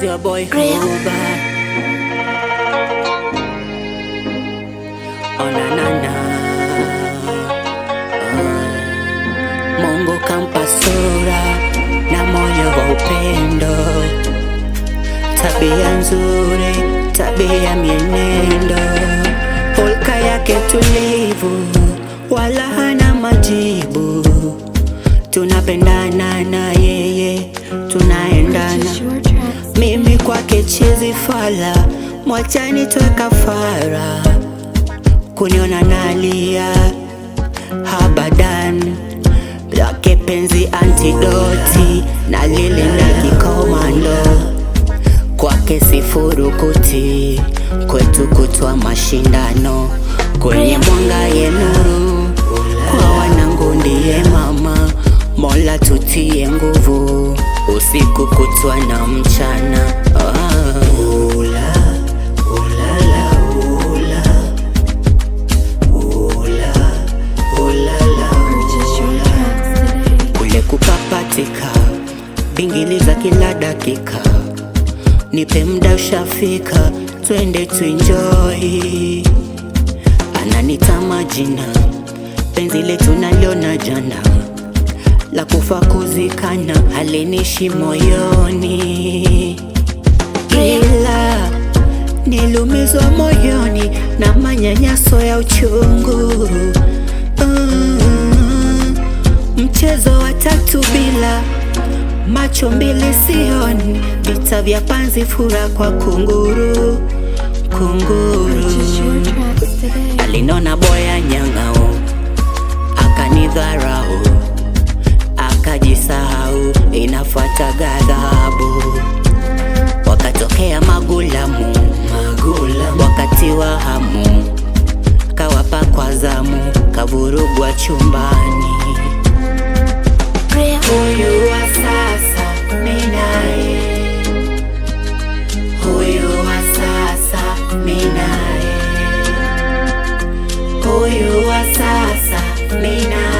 is your boy Ruba. Oh na na na. Uh, Mungu kampa sura na moyo wa upendo, tabia nzuri, tabia mienendo, hulka yake tulivu, wala hana majibu, tunapendana na yeye tunaendana mimi kwake chizi fala, mwacha nitoe kafara. Kuniona nalia habadan, lake penzi antidoti na lili na kikomando kwake sifurukuti, kwetu kutwa mashindano kwenye mwanga yenuru kutwa na mchana Kule kupapatika bingiliza kila dakika, nipe mda ushafika, twende tuenjoy. Ananita majina penzi letu naliona jana la kufa kuzikana halinishi moyoni, ila nilumizwa moyoni na manyanyaso ya uchungu mm, mchezo wa tatu bila macho mbili sioni, vita vya panzi fura kwa kunguru kunguru alinona boya nyanga kufuata ghadhabu. Wakatokea magulamu, magulamu, wakati wa hamu kawapa kwa zamu, kavurugwa chumbani. Huyu wa sasa mimi naye, huyu wa sasa mimi naye, huyu wa sasa mimi naye